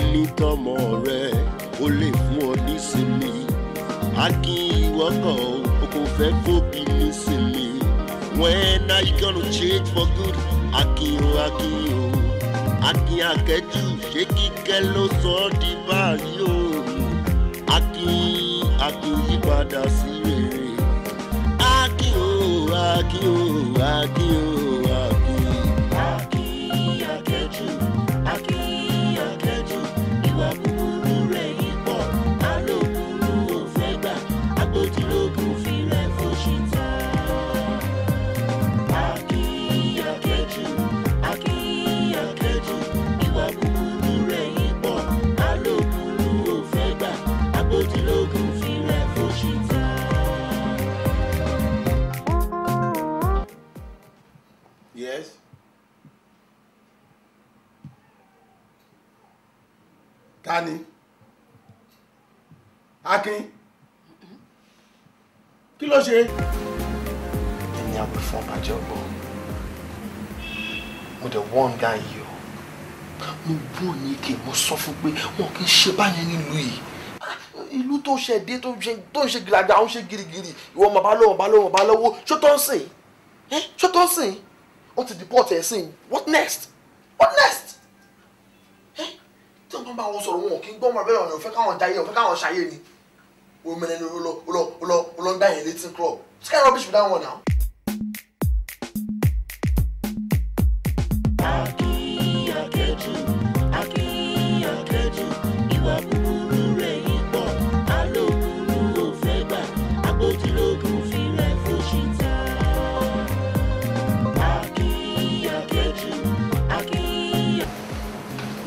onítọ̀mọ̀ rẹ ó lè fún ọ nísinmi akin ìwọ́kọ̀ o kò fẹ́ fòbí nísinmi when I gonna change for good akin o akin o akin akẹ́jù ṣé kíkẹ́ ló sọ ọ́ di báyìí o akin akin yípadà sí rere akin o akin o akin o. akin kí ló ṣe. ẹni àwí fún ọbàjẹ́ ọgbọ́n mo dẹ̀ wọ́n gá yìí o mo wọ́n ní kí mo sọ fún pé wọn kì í ṣe báyẹn nílùú yìí ìlú tó ṣe dé tó ń ṣe gíragíra ó ń ṣe girigiri ìwọ ọmọ bá lọ́wọ́ bá lọ́wọ́ bá lọ́wọ́ ṣó tó ń sìn ṣó tó ń sìn wọ́n ti deport ẹ̀ sìn what next what next tí wọ́n bá wọn sọ̀rọ̀ wọn kì í gbọ́ ọmọ abẹ́rẹ́ ọ̀nà òfẹ́ káwọn jayé òfẹ́ káwọn ṣayé ni women ẹni olọ olọ olọ olọ ń dá yẹn létí club it's kind of rubbish with that one now.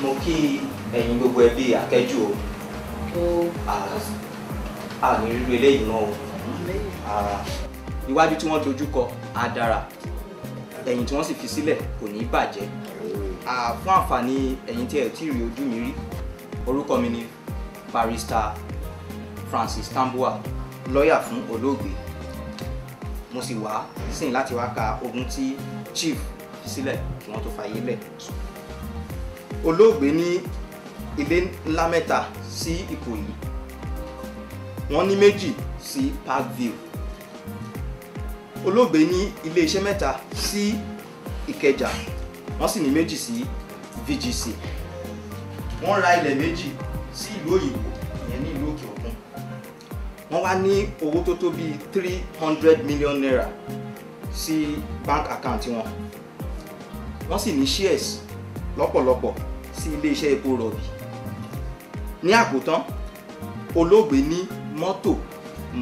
mo kí ẹ̀yin gbogbo ẹbí akẹ́jù o ní rírú eléyìí náà o iwájú tí wọ́n dojú kọ á dára ẹ̀yìn tí wọ́n sì fi sílẹ̀ kò ní bàjẹ́ fún àǹfààní ẹ̀yin tí ẹ tí rí ojú mi rí orúkọ mi ni barrister Francis Tambua, lọ́ọ̀yà fún olóògbé mo sì wá sìn láti wá ka ogun tí chief fi sílẹ̀ kí wọ́n tó fàyè lẹ̀ olóògbé ní ilé ńlá mẹ́ta sí Ìkòyí wọ́n ní méjì sí Parkview olóògbé ní iléeṣẹ́ mẹ́ta sí Ìkẹjà wọ́n sì ní méjì sí VGC wọ́n ra ilẹ̀ méjì sí ìlú òyìnbó ìyẹn ní ìlú òkè òkun wọ́n wá ní owó tó tó bíi three hundred million naira sí bank account wọn wọ́n sì ní shares lọ́pọ̀lọpọ̀ sí iléeṣẹ́ epo rọ̀bì ní àkótán olóògbé ní mọ́tò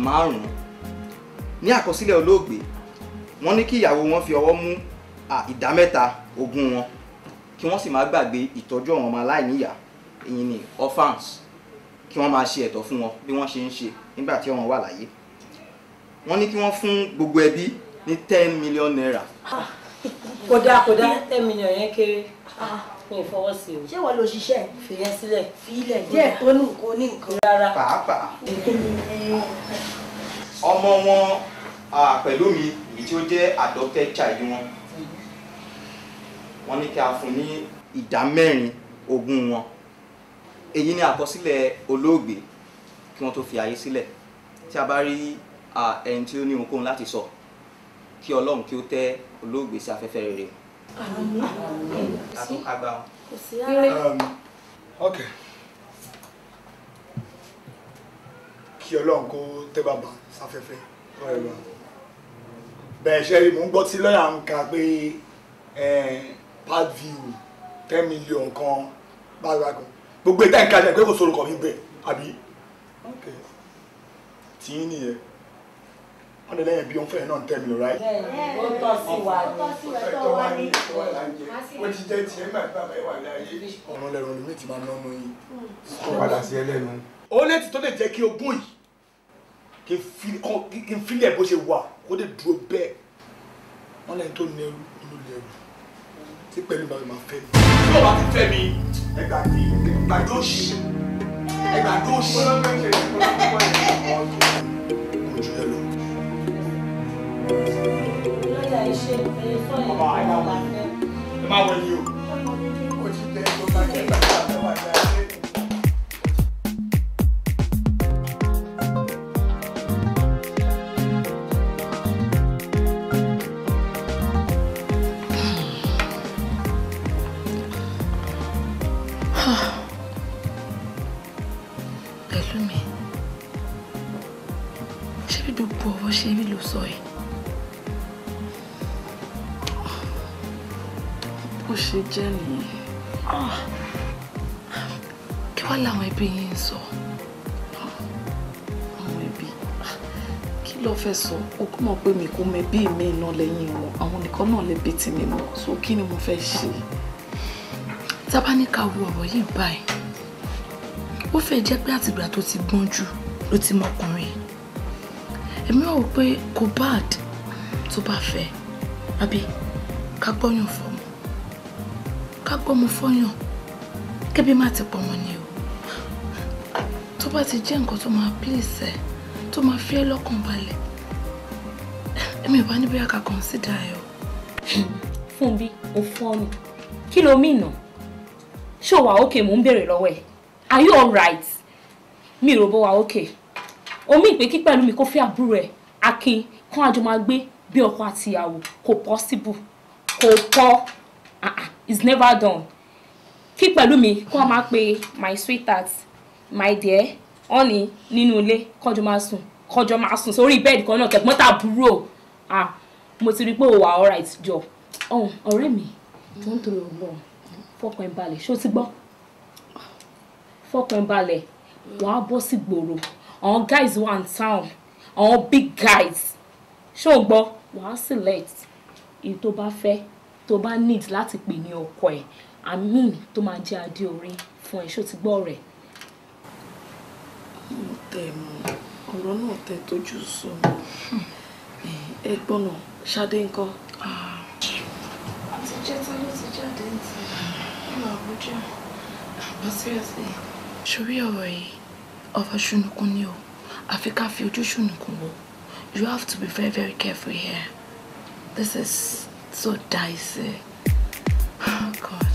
márùn-ún ní àkọsílẹ̀ olóògbé wọ́n ní kí ìyàwó wọn fi ọwọ́ mú ìdá mẹ́ta ogún wọn kí wọ́n sì má gbàgbé ìtọ́jú àwọn ọmọ aláìníyà ìyìn ní orphans kí wọ́n máa ṣe ẹ̀tọ́ fún wọn bí wọ́n ṣe ń ṣe nígbà tí wọ́n wà láyé wọ́n ní kí wọ́n fún gbogbo ẹbí ní ten million naira. Ah kódà kódà ten million yẹn kéré ah. mi ì fọwọ́ sí o. ṣé wọ́n lo ṣiṣẹ́. fìyẹn sílẹ̀. fìyẹn díẹ̀ tó nù kó ní nǹkan. rárá pàápàá ọmọ wọn pẹ̀lú mi èyí tí ó jẹ́ adopted child wọn wọ́n ní kí a fún ní ìdá mẹ́rin ogún wọn èyí ni àkọsílẹ̀ olóògbé kí wọ́n tó fi ayé sílẹ̀ tí a bá rí ẹni tí ó ní ohunkóhun láti sọ kí ọlọ́run kí ó tẹ́ olóògbé sí afẹ́fẹ́ rere. Um, okay kí ọlọ́run kó tẹ́ bàbá sáfẹ́fẹ́ bẹ́ẹ̀ ṣe mò ń gbọ́ tí lọ́ọ̀yà ń ka pé part view ten million kan bára kan gbogbo ìtàn ìkàlẹ̀ pé kò sórúkọ mi bẹ́ẹ̀ àbí tí nìyẹn wọn lè lẹ́yìn bí wọn fẹyìn náà ń tẹ lọ ráì. ó tọ́ sí wa ni tó wá ní ìwọ ti jẹ tiẹ̀ máa bá bẹ́ẹ̀ wà láàyè. ọ̀rọ̀ lẹ́rọ ni mi ti máa ná ọmọ yìí. kó padà sí ẹlẹ́nu. ó lè ti tó lè jẹ́ kí ogún yìí kí n fílẹ̀ bó ṣe wà kó lè dúró bẹ́ẹ̀ wọn lẹ́yìn tó ní ẹrú inú lẹ́rú tí pẹ̀lú bàbá máa fẹ́ mi. tí ọba ti fẹ́ mi ẹgbà tí ẹgbà tó ṣe ẹgbà tó ṣe. ojú ẹ lọ ẹ má wọ yìí o ó ti tẹ tó bá jẹ gbà. jẹ́ nìyẹn ah, kí wá làwọn ẹbí yín sọ àwọn ẹbí kí ló fẹ́ sọ o kò mọ̀ pé mi kò mẹbí mi iná lẹ́yìn wọn àwọn nìkan náà lè bí tèmi mọ́ so kí ni mo fẹ́ ṣe tábà ní ká wo ọ̀rọ̀ yìí báyìí ó fẹ́ jẹ́ pé àtìgbà tó ti gbọ́n jù ló ti mọkùnrin èmi wà wò pé kò bad tó bá fẹ́ àbí ká gbọ́yàn fọ́ ká gbọ́ mo fọ́yàn kébí má ti pọ̀ mọ́ ni o tó bá ti jẹ́ nǹkan tó máa please ẹ tó máa fi ẹ́ lọ́kàn balẹ̀ èmi ò níbi àkà consider ẹ o. Fúnbí o fọ́ mi kí ló mìnà ṣé wà ókè mò ń béèrè lọ́wọ́ ẹ̀ are you alright mi ò bó wa ókè omi ìpè kí pẹ̀lú mi kó fi àbúrò ẹ̀ akin kán àjọ máa gbé bí ọkọ àti ìyàwó kò possible kò pọ̀ ah, ah is never done kí pẹ̀lú mi kí wọ́n máa pe my sweetheart my dear honey nínú ilé kọjọ máa sùn kọjọ máa sùn sórí bẹ́ẹ̀dì kan náà tẹ̀gbọ́n tàbúrò ah mo ti rí i pé o wà alright jọ ọ̀hún ọ̀rẹ́ mi tó ń torí ọ̀gbọ́n fọkàn ẹ̀ balẹ̀ ṣó ti gbọ́ fọkàn ẹ̀ balẹ̀ wàá bọ́ sí gbòòrò àwọn guys wà in town àwọn big guys ṣó gbọ́ wàá select èyí tó bá fẹ́ tó bá need láti pè ní ọkọ ẹ̀ amin tó máa jẹ́ adé orí fún ẹ̀ ṣó ti gbọ́ rẹ̀. mo tẹ mọ ọ̀rọ̀ náà tẹ tójú sọ ẹ gbọ́nà ṣadé ńkọ́. àti jẹ́ta ló ti jáde ní ti ìlú àbújá àmọ́ seriously. sórí ọ̀rọ̀ yìí ọ̀rọ̀ ṣùnùkùn ni o àfi ká fi ojú ṣùnùkùn wò you have to be very very careful here this is so dicey. Oh God.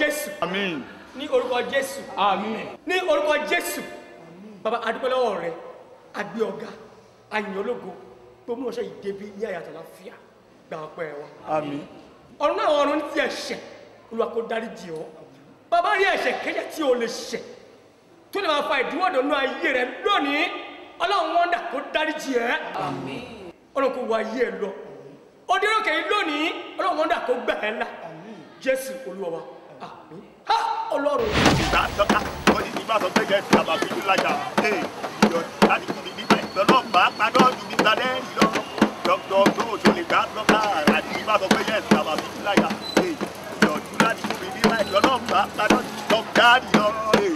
jésù. àmín. ní orúkọ jésù. àmín. ní orúkọ jésù. bàbá adúpẹ́ lọ́wọ́ rẹ agbé ọ̀gá ayìn ológo tó mú ọṣẹ ìdẹ́bí ní àyàtọ̀ láfíà gba ọpẹ́ wa. àmín. ọ̀run náà ọ̀run ní ti ẹ̀ṣẹ̀ olúwa kó dáríjì ọ́ bàbá rí ẹ̀ṣẹ̀ kẹ́yẹ tí o lè ṣẹ̀ tó lè máa fa ìdíwọ́dọ̀ nú ayé rẹ lónìí ọlọ́run wọ́ndà kó dáríjì ẹ́. àmín. ọlọ́run kó wọ ayé ẹ lọ òdìrókè yìí lónìí ọlọ́run wọ́ndà kó gbà ẹ́ là jésù olúwa wa ọlọ́run. ìgbà sọ́ka wọ́n ti ti bá sọ pé kẹ́ ti àbá bíjú lájà ìjọ láti fún mi nígbà ìgbọ́nà bá padà ju mi sálẹ̀ lọ. dr gbọ́dọ̀ lè gbà sọ́ka àti ti bá sọ pé kẹ́ ti àbá bíjú lájà ìjọ láti fún mi nígbà ìgbọ́nà bá padà ju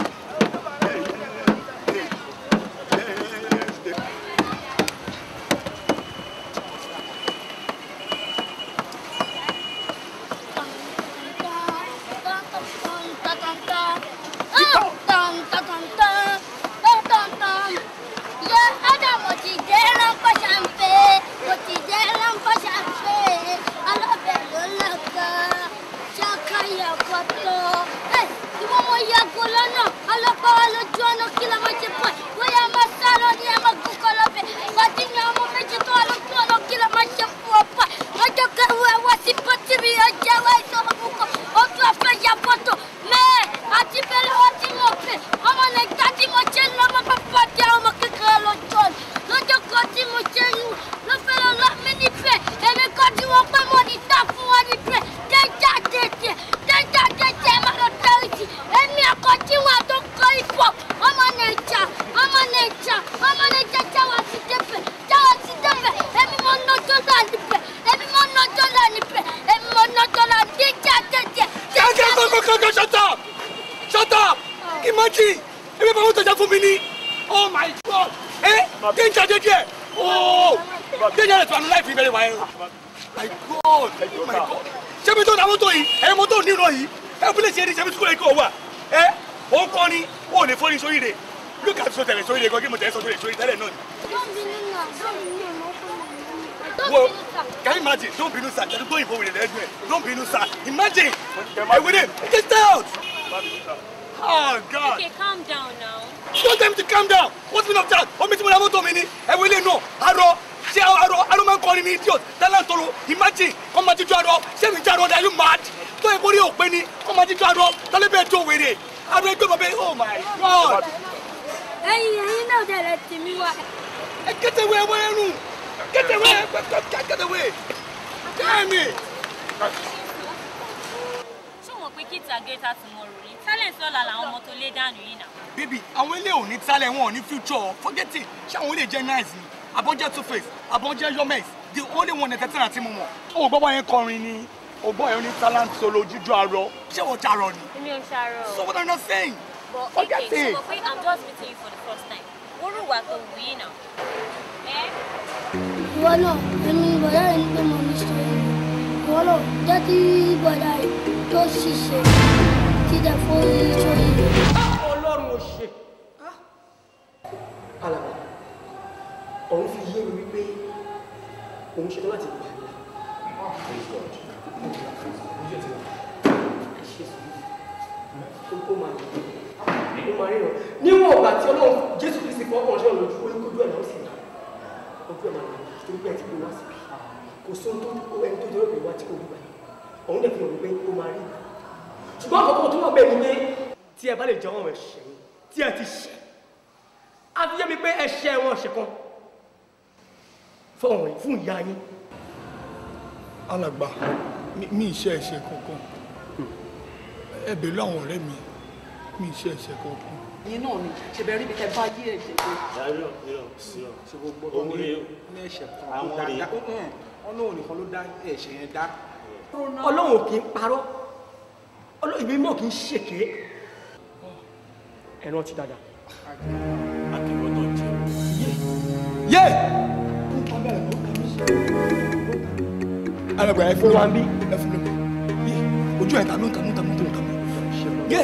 danger dey there oh danger dey to our life very well my god my god ṣebí tó ta mọ́tò yìí ẹ̀yin mọ́tò nínú yìí ẹ̀ bí lè ṣe é ní ṣebí tó kọ́ ẹ̀ kọ́ wà ẹ̀ ò ń kọ́ ni ò lè fọ́ ní sórí rẹ̀ lókè àti sọ tẹ̀lẹ̀ sórí rẹ̀ gan kí mo tẹ̀lé sọ tẹ̀lé sórí tẹ́lẹ̀ náà ni can you imagine don binu sir jẹnu gbóyìnbó wele lẹnu ẹ don binu sir imagine ewele get out. Oh, God. Okay, calm down now. You want them to calm down. What's been up, of that? Omi oh, tí mo ra mọ́tò mi ni. Ẹ wọlé nù. Arọ. Ṣé arọ arọ máa ń kọrin ní idiot? Talent tolo. Imagine. Kọ́ máa jíjọ arọ. Ṣé mi jẹ́ arọ? Are you mad? Tó yẹ kó rí òpin ni. Kọ́ máa jíjọ arọ. Tálẹ́ bẹ́ẹ̀ tó wèrè. Arọ ẹgbẹ́ bàbá Oh my God. Hey, you know that Ẹyin ẹyin náà dẹ̀rẹ̀ tì mí wá. Ẹ kẹ́tẹ̀wé ẹwọ́ Get away! kẹ́tẹ̀wé. Kẹ́mi. Show me mọ̀ pé kí ìtàgé ta tomorrow? talent lọ́la làwọn ọmọ tó lé dànù yìí nà. bébì àwọn ilé ò ní talent wọn ò ní future forget it ṣé àwọn ilé jẹ́ nice ni abọ́jẹ́ two face abọ́jẹ́ yomex the only one entertainer tí mo mọ̀ ó gbọ́ bá yẹn kọrin ni ó gbọ́ yẹn ní talent solo jíjó arọ ṣé wọ́n ti arọ ni. èmi ò ṣe arọ. so what are you saying. but forget it. okay so mo pe i'm just meeting you for the first time wọ́n rò wá tó wù yín nà. ìwọ náà èmi bọ̀dá rẹ̀ ń pè mọ́ mi sọ̀rọ̀ ìwọ náà jẹ́ kí bọ̀dá tó ṣiṣẹ́ ti dẹ̀ forí sórí rẹ̀. ọlọ́run ò ṣe. alàgbà ọ̀run fi yé mi wípé òun ṣetán láti pa ìlà. níwọ̀n ọ̀gbà tí ọlọ́run jésù kristi fọ́ ọ̀rọ̀ ṣẹ́wọ̀n lójú olúkúdú ẹ̀ náà sì dá ojú ẹ̀ máa ń lò torí pé ẹ̀ ti gbé wá síbi kò sóhun tó ẹni tó jẹ́ òbí wá tí kò rí báyìí òun dẹ̀ fi hàn wípé ó máa rí ìgbà ṣùgbọ́n àkọ́kọ́ tó wọ́n bẹ̀ ni pé tí ẹ bá lè jẹ́wọ́n ẹ̀ṣẹ̀ tí ẹ ti ṣẹ̀ á fi yé mi pé ẹ̀ṣẹ̀ wọn ṣẹ̀ kan fọ̀hún fún ìyá yín. alàgbà mi ìṣe ẹ̀ṣẹ̀ kankan ẹ̀bẹ̀ láwọn ọ̀rẹ́ mi mi ìṣe ẹ̀ṣẹ̀ kankan. ẹ̀yin náà ni ṣẹbẹ̀ rí bí tẹ bá yé ẹ̀ṣẹ̀ pé. yàrá yóò sí ọ ṣe gbogbo ọmọ ní ẹ̀ṣẹ̀ kan àwọn ọ̀rẹ́ ọlọ́run nìkan ló dá ẹ̀ṣẹ̀ yẹn dá. ọlọ́run kì í parọ́ olóyìn mímọ́ kì í ṣèké ẹ̀rọ ti dada. akẹ́wọ́ tó jẹ́ yé. alàgbà ẹ fún wa bí ẹ fún mi ojú ẹ̀ ta ló ń kàmú kàmú tó ń kàmú yé.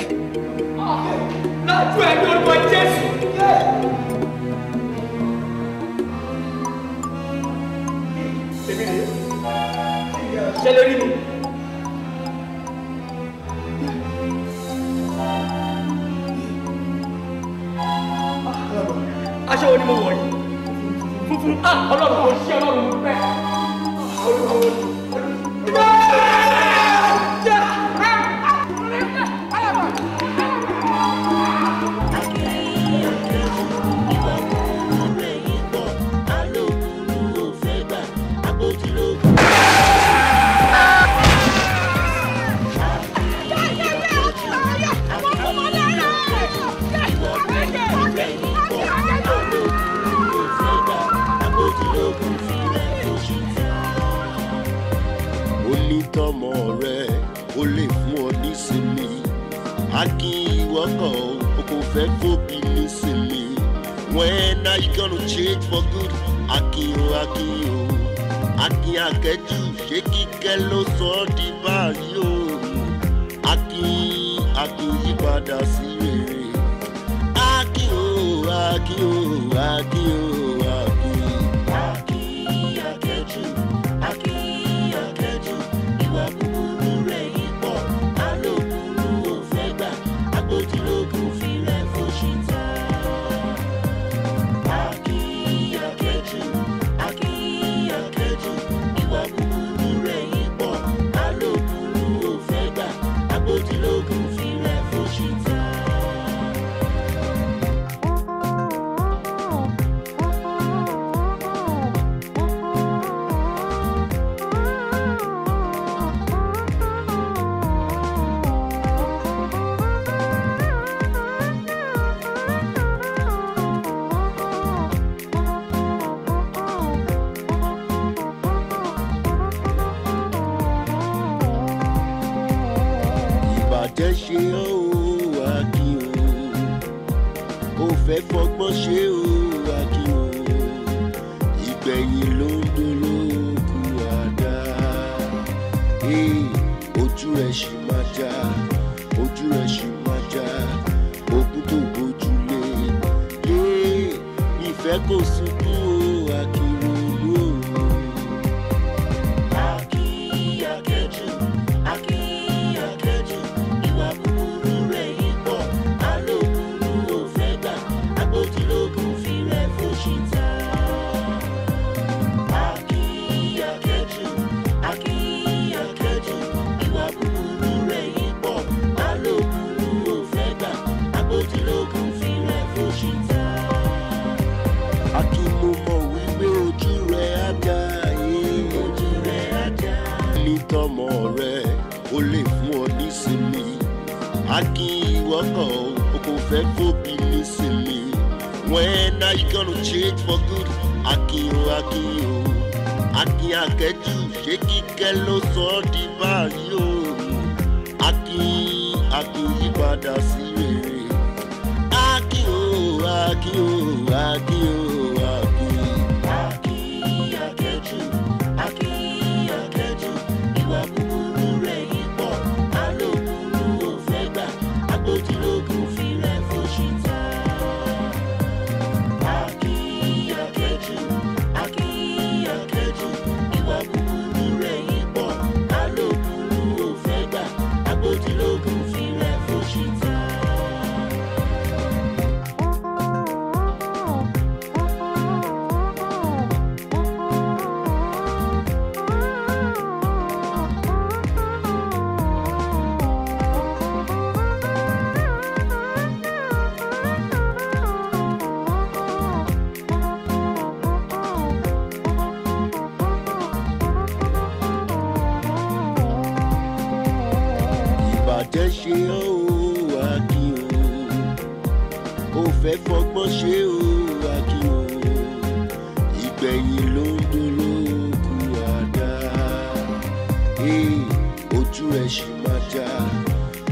lájú ẹ̀ ló ń bọ Jésù. ṣe lórí mi. 我你我，我我啊！老鲁，老鲁，老鲁，老 ó lè fún ọ nísinmi akínwọ́kọ̀ o kò fẹ́ kóbi nísinmi when are you gonna change for good akin o akin o akin akẹ́jù ṣé kíkẹ́ ló sọ ọ́ di báyìí o akin akin yípadà sí rere akin o akin o akin o. Gosu. ọmọ rẹ ó lè fún ọ nísinmi akínwọ́kọ̀ o kò fẹ́ kó nísinmi when are you gonna change for good akin o akin o akin akẹ́jù ṣé kíkẹ́ ló sọ ọ́ di báyìí o akin akin yípadà sí rere akin o akin o akin o. ṣe ó Akin o ó fẹ́ fọgbọ́n ṣe ó Akin o ìgbẹ̀yìn ló ń dolóòkú àdá ojú ẹ̀ ṣì máa já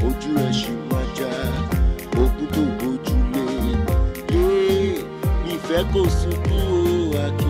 ojú ẹ̀ ṣì máa já ogún tó gbójúlé ìfẹ́ kò sunkún o Akin.